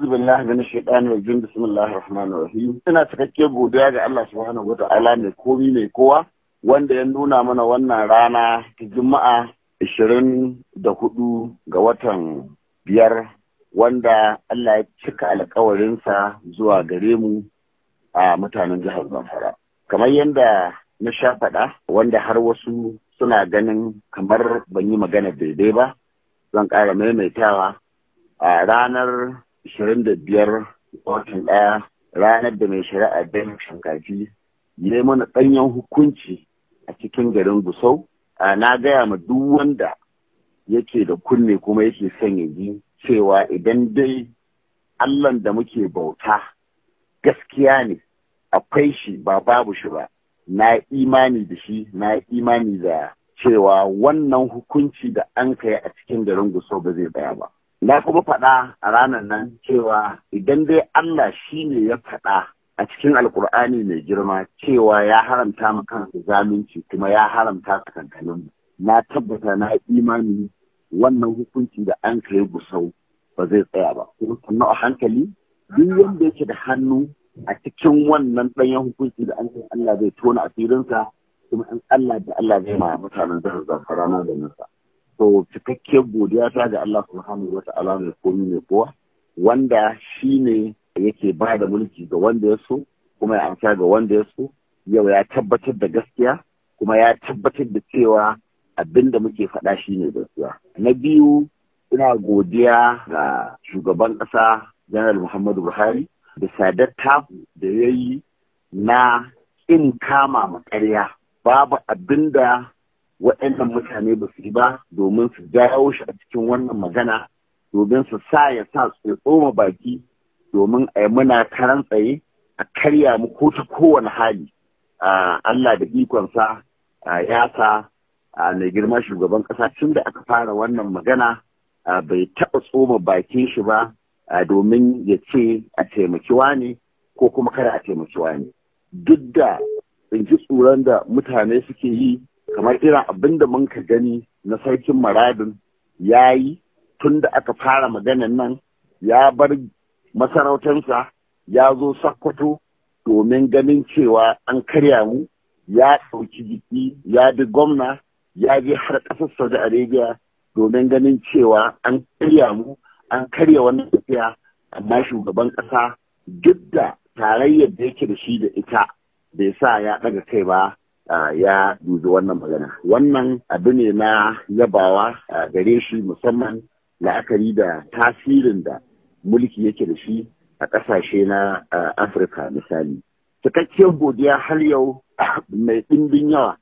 A'udhu billahi minash shaitani rajim bismillahir rahmanir rahim. Ina cikakke godiya ga Allah subhanahu wa ta'ala mai komi mai kowa wanda ya nuna mana wannan rana ta Juma'a hudu ga watan biyar wanda Allah ya cika alkawarinsa zuwa gare mu a mutanen jihar Zamfara. Kamar yadda na sha faɗa wanda har wasu suna ganin kamar ban yi magana daidai ba zan ƙara maimaitawa a ranar biyar watan ɗaya ranar da mai shari'a Bello Shankaji ya yi mana ɗanyen hukunci a cikin garin Gusau. Na gaya ma duk wanda yake da kunne kuma yake son ya ji cewa idan dai Allahn da muke bauta gaskiya ne akwai shi ba babu shi ba. Na imani da shi, na imani da cewa wannan hukunci da an kai a cikin garin Gusau ba zai tsaya ba. na kuma faɗa a ranar nan cewa idan dai Allah shi ne ya faɗa a cikin alkur'ani mai girma cewa ya haramta ma kansa zalunci kuma ya haramta kankanin na tabbata na imani wannan hukunci da an kai gusau ba zai tsaya ba kuma sannan a hankali duk wanda yake da hannu a cikin wannan ɗanyen hukunci da an kai Allah zai tona asirinsa kuma in Allah da Allah zai ma mutanen zarar zafara na da nasa. so cikakkiyar godiya ta ga Allah subhanahu wa ta'ala mai komi mai kowa wanda shine yake ba da mulki ga wanda ya so kuma ya amsa ga wanda ya so yau ya tabbatar da gaskiya kuma ya tabbatar da cewa abin da muke faɗa shine gaskiya na biyu ina godiya ga shugaban ƙasa janar muhammadu buhari sadar dattaku da ya yi na in kama makarya babu abin da waɗannan mutane ba su yi ba domin su jawo shi a cikin wannan magana domin su sa ya sa su tsoma baki domin a yi muna karan tsaye a karya mu ko ta kowane hali Allah da ikonsa ya sa mai girma shugaban ƙasa tun da aka fara wannan magana bai taɓa tsoma bakin shi ba domin ya ce a taimakiwa ne ko kuma kada a taimakiwa ne. duk da in ji tsoron da mutane suke yi kamar irin abin da mun ka gani na sarkin maradin ya yi tun da aka fara maganan nan ya bar masarautarsa ya zo sakkwato domin ganin cewa an karya mu ya ɗauki jiki ya bi gwamna ya je har ƙasar saudi arabia domin ganin cewa an karya mu an karya wannan tafiya amma shugaban ƙasa duk da tarayyar da yake da shi da ita bai sa ya ɗaga kai ba ya dubi wannan magana wannan abu ne na yabawa gare shi musamman la'akari da tasirin da mulki yake da shi a ƙasashe na afirka misali cikakkiyar godiya har yau mai ɗimbin yawa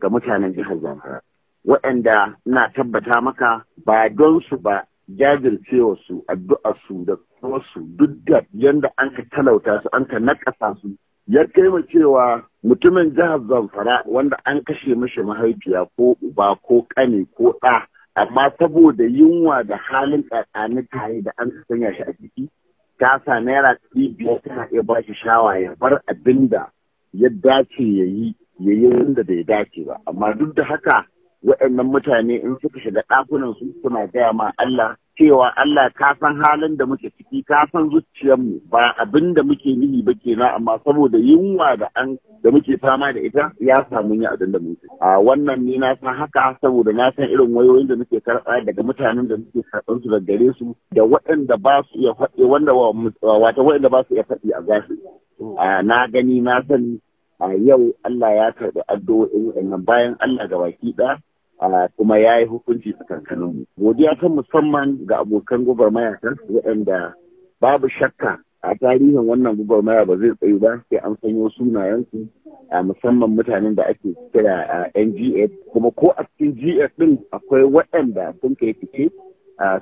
ga mutanen jihar zamfara waɗanda na tabbata maka ba don su ba jajircewa su addu'a su da wasu duk da yadda an ka talauta su an ka nakasa su ya kai cewa mutumin jihar zamfara wanda an kashe mashi mahaifiya ko uba ko ƙane ko ɗa amma saboda yunwa da halin ƙaƙani tare da an sanya shi a ciki ta sa naira biyar tana iya ba shi shawa ya bar abin da ya dace ya yi ya yi wanda bai dace ba amma duk da haka waɗannan mutane in suka shiga ɗakunan su suna gaya ma Allah cewa Allah ka san halin da muke ciki ka san mu ba abin da muke nihi ba kenan amma saboda yunwa da an da muke fama da ita ya samu ni abin da muke a wannan ni na san haka saboda na san irin wayoyin da muke karɓa daga mutanen da muke karɓar su daga gare su da waɗanda ba su iya faɗi wanda wata waɗanda ba su iya faɗi a gashi na gani na sani a yau Allah ya karɓi addu'o'in bayan Allah ga baki ɗaya kuma ya yi hukunci tsakankanin mu. Godiya ta musamman ga abokan gwagwarmaya ta waɗanda babu shakka a tarihin wannan gwagwarmaya ba zai tsayu ba sai an sanyo sunayensu a musamman mutanen da ake kira NGF kuma ko a cikin GF din akwai waɗanda sun kai fice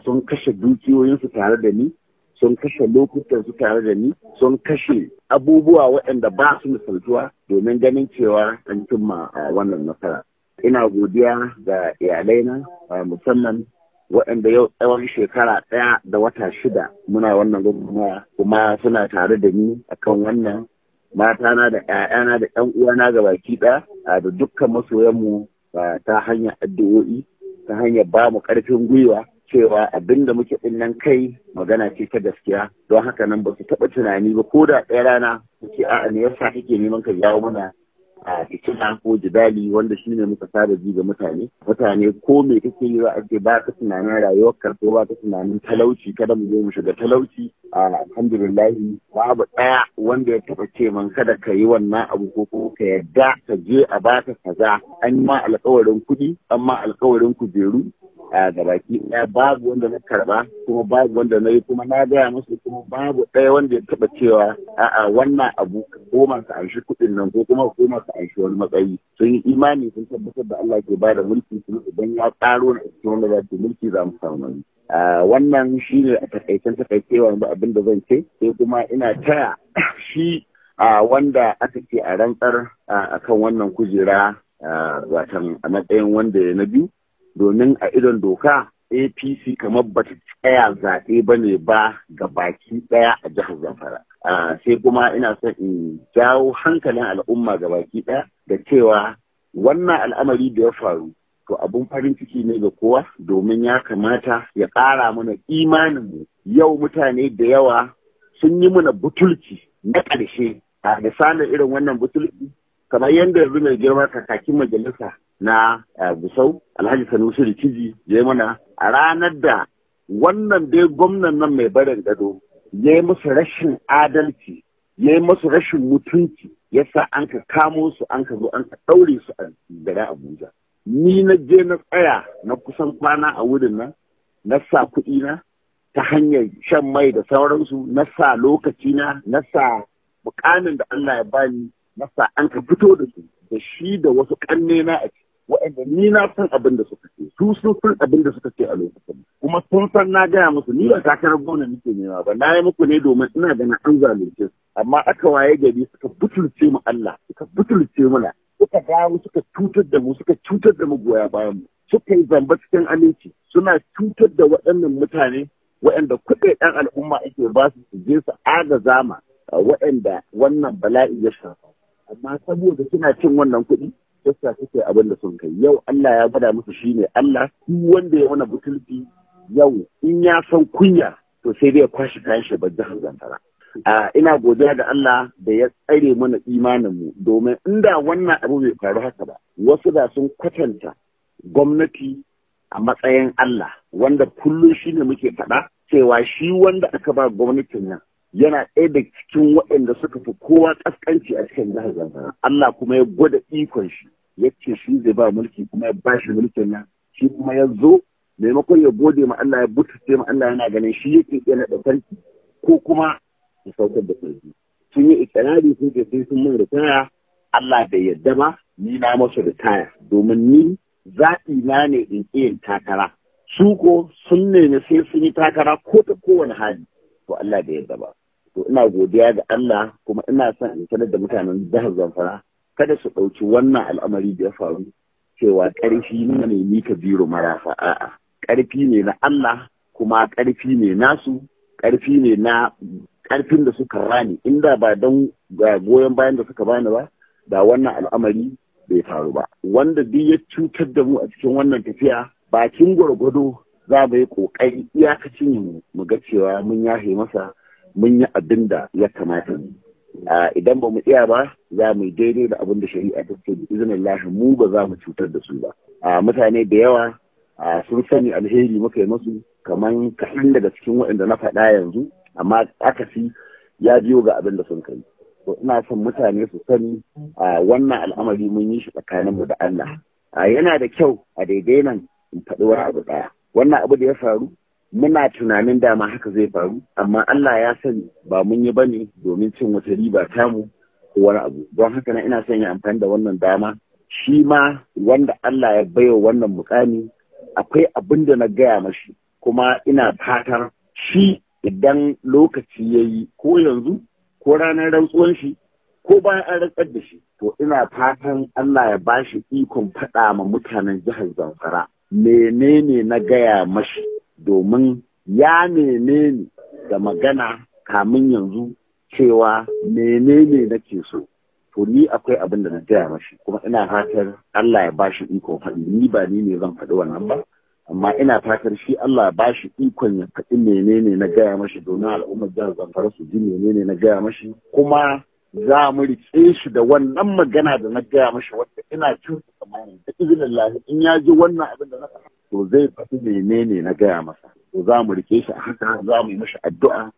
sun kashe dukiyoyinsu tare da ni sun kashe lokutansu tare da ni sun kashe abubuwa waɗanda ba su misaltuwa domin ganin cewa an cimma wannan nasara. ina godiya ga iyalaina musamman waɗanda yau tsawon shekara ɗaya da wata shida muna wannan gwamnati kuma suna tare da ni akan wannan matana da 'ya'yana da 'yan uwana ga baki ɗaya da dukkan masoyanmu ta hanyar addu'o'i ta hanyar ba mu ƙarfin gwiwa cewa abin da muke ɗinnan kai magana ce ta gaskiya don haka nan ba su taɓa tunani ba ko da ɗaya rana suke a'a ne yasa kake neman ka jawo mana a cikin ko jidali wanda shi ne muka sada ji ga mutane mutane ko me kake yi za a ce ba ka tunanin rayuwar karfe ba ka tunanin talauci kada mu je mu shiga talauci alhamdulillahi babu ɗaya wanda ya taɓa ce man kada ka yi wannan abu ko ko ka yadda ka je a baka kaza an ma alƙawarin kuɗi an ma alƙawarin kujeru a baki ɗaya babu wanda na karba kuma babu wanda na yi kuma na gaya musu kuma babu ɗaya wanda ya taɓa cewa a'a wannan abu hukumar ka anshi kuɗin nan ko kuma hukumar ka anshi wani matsayi sun yi imani sun tabbatar da Allah ke bada mulki kuma idan ya tsaro na cikin wanda za mulki za mu samu nauyi. wannan shi ne a takaicen takaicewa ba abin da zan ce sai kuma ina taya shi a wanda aka ce a rantsar a kan wannan kujera watan a matsayin wanda ya na biyu domin a idon doka apc kamar ba ta tsaya zaɓe ba ne ba ga baki ɗaya a jihar zamfara sai kuma ina son in jawo hankalin al'umma ga baki ɗaya da cewa wannan al'amari da ya faru to abun farin ciki ne ga kowa domin ya kamata ya ƙara mana imanin mu yau mutane da yawa sun yi mana butulci na ƙarshe a da irin wannan butulci kamar yadda yanzu mai girma kakakin majalisa na eh, Gusau Alhaji Sanusi Rikiji ya mana a ranar da wannan dai gwamnan nan mai barin gado ya yi musu rashin adalci ya yi musu rashin mutunci ya sa an ka kamo su an ka zo an ka ɗaure su a gari Abuja. Ni na je na tsaya na kusan kwana a wurin nan na sa kuɗi na ta hanyar shan mai da sauransu na sa lokaci na na sa mukamin da Allah ya bani nasa an ka fito da su da shi da wasu kanne na a ciki waɗanda ni na san abin da suka ce su sun san abin da suka ce a lokacin kuma sun san na gaya musu ni ba takarar gona nake nema ba na yi muku ne domin ina ganin an zalunce su amma aka waye gari suka butulce mu Allah suka butulce muna suka dawo suka cutar da mu suka cutar da mu goya bayan mu suka yi zamba cikin aminci suna cutar da waɗannan mutane waɗanda ɗan al'umma ake ba su su je su agaza ma waɗanda wannan bala'i ya shafa amma saboda suna cin wannan kuɗi yasa suke abin da sun kai yau Allah ya gwada musu shine Allah duk wanda ya wani butulci yau in ya san kunya to sai zai kwashi kayan shi ba jihar Zamfara ina godiya da Allah da ya tsare mana imaninmu domin inda wannan abu bai faru haka ba wasu da sun kwatanta gwamnati a matsayin Allah wanda kullum shine muke faɗa cewa shi wanda aka ba gwamnatin nan yana ɗaya da cikin waɗanda suka fi kowa ƙasƙanci a cikin jihar Zamfara. Allah kuma ya gwada ikon shi ya ce shi zai ba mulki kuma ya bashi mulkin nan shi kuma ya zo maimakon ya gode ma Allah ya bututse ma Allah yana ganin shi yake iya naɗa sarki ko kuma ya saukar da sarki. Sun yi ikirari sun ce sai sun min ritaya Allah bai yadda ba ni na masa ritaya domin ni zaɓi na ne in iya takara. Su ko sun nemi sai sun yi takara ko ta kowane hali. to Allah bai yadda ba. to ina godiya ga Allah kuma ina son in sanar da mutanen jihar Zamfara kada su ɗauki wannan al'amari da ya faru cewa ƙarfi ne ne ni ka biro marasa a'a ƙarfi ne na Allah kuma ƙarfi ne nasu ƙarfi ne na ƙarfin da suka rani inda ba don goyon bayan da suka bani ba da wannan al'amari bai faru ba wanda duk ya cutar da mu a cikin wannan tafiya bakin gwargwado za mu yi ƙoƙari iyakacin mu ga cewa mun yahe masa mun yi abin da ya kamata mu idan ba mu tsaya ba za mu yi daidai da abin da shari'a ta ce da izinin lahi mu ba za mu cutar da su ba mutane da yawa sun sani alheri muka yi musu kamar kaɗan daga cikin waɗanda na faɗa yanzu amma akasi ya biyo ga abin da sun kai ina son mutane su sani wannan al'amari mun yi shi mu da Allah yana da kyau a daidai nan in faɗi wani abu ɗaya wannan abu da ya faru muna tunanin dama haka zai faru amma Allah ya sani ba mun yi bane domin cin wata riba tamu ko wani abu don haka na ina son ya amfani da wannan dama shi ma wanda Allah ya baiwa wannan mukami akwai abin da na gaya mashi kuma ina fatar shi idan lokaci ya yi ko yanzu ko ranar rantsuwan shi ko bayan an rantsar da shi to ina fatan Allah ya bashi ikon faɗa ma mutanen jihar Zamfara menene na gaya mashi domin ya neme ni da magana kamin yanzu cewa menene nake so to ni akwai abin da na gaya mashi kuma ina fatar Allah ya bashi iko faɗi ni ba ni ne zan faɗi wannan ba amma ina fatar shi Allah ya bashi ikon ya faɗi menene na gaya mashi domin al'ummar jihar Zamfara su ji menene na gaya mashi kuma za mu riƙe shi da wannan magana da na gaya mashi wadda ina cin tsammanin da izinin in ya ji wannan abin da na faɗa to zai faɗi menene na gaya masa to za mu rike shi a haka za mu yi mashi addu'a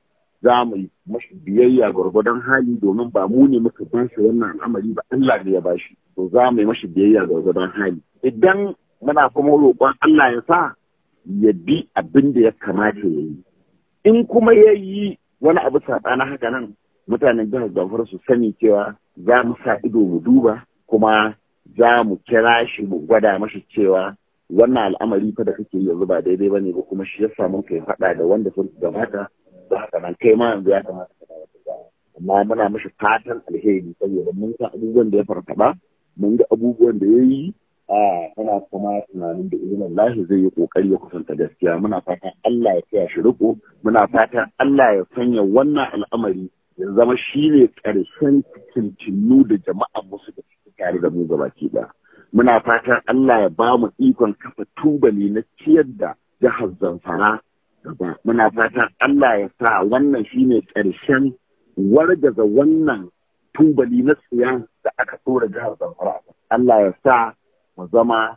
za mu yi mashi biyayya gwargwadon hali domin ba mu ne muka ba shi wannan al'amari ba Allah ne ya ba to za mu yi mashi biyayya gwargwadon hali idan muna kuma roƙon Allah ya sa ya bi abin da ya kamata ya yi in kuma ya yi wani abu saɓana haka nan mutanen jihar Zamfara su sani cewa za mu sa ido mu duba kuma za mu kira shi mu gwada mashi cewa wannan al'amari fa da kake yanzu ba daidai bane ba kuma shi yasa mun kai faɗa da wanda sun gabata da haka nan kai ma yanzu ya kamata ka dawo amma muna mishi fatan alheri saboda mun san abubuwan da ya farfaɗa mun ga abubuwan da ya yi a muna kuma tunanin da izinin lahi zai yi kokari ya kusanta gaskiya muna fatan Allah ya tsaya shi riko muna fatan Allah ya sanya wannan al'amari ya zama shine ƙarshen tuntunu da jama'a musu da tare da mu gabaki ɗaya muna fatan Allah ya ba mu ikon kafa tubali na ciyar da jihar Zamfara gaba muna fatan Allah ya sa wannan shine ƙarshen wargaza wannan tubali na tsiya da aka tsora jihar Zamfara Allah ya sa mu zama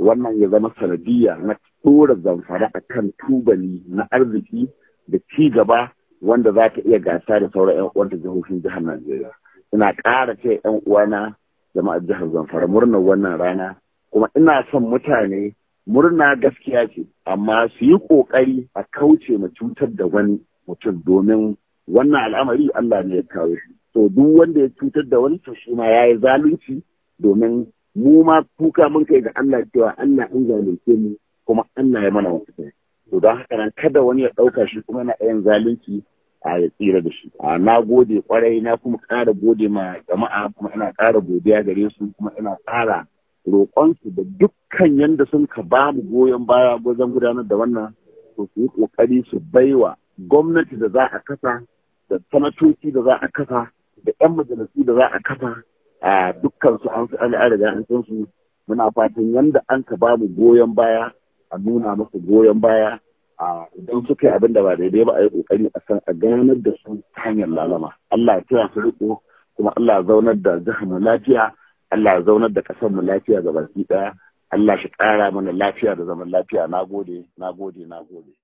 wannan ya zama sanadiyya na tsora Zamfara akan tubali na arziki da ci gaba wanda za ta iya gasa da sauran 'yan uwanta jihohin jihar Najeriya ina ƙara ce 'yan uwana jama'ar jihar zamfara murnar wannan rana kuma ina son mutane murna gaskiya ce amma su yi ƙoƙari a kauce ma cutar da wani mutum domin wannan al'amari Allah ne ya kawo shi to duk wanda ya cutar da wani to shi ma yayi zalunci domin mu ma kuka mun kai ga Allah cewa Allah in zalunce mu kuma Allah ya mana wani to don haka nan kada wani ya ɗauka shi kuma yana yin zalunci a ya tsira da shi na gode kwarai na kuma kara gode ma jama'a kuma ina kara godiya gare su kuma ina ƙara roƙonsu da dukkan yanda sun ka ba mu goyon baya wajen gudanar da wannan to su yi ƙoƙari su baiwa gwamnati da za a kasa da sanatoci da za a kasa da 'yan majalisu da za a kasa, a dukkan su an an riga an san su muna fatan yanda an ka ba mu goyon baya a nuna masa goyon baya idan suka yi abin da ba daidai ba a yi kokari a san a ganar da su hanyar lalama Allah ya kira su riko kuma Allah ya zaunar da jihar mu lafiya Allah ya zaunar da kasar mu lafiya gabaki ɗaya. Allah shi ƙara mana lafiya da zaman lafiya nagode nagode nagode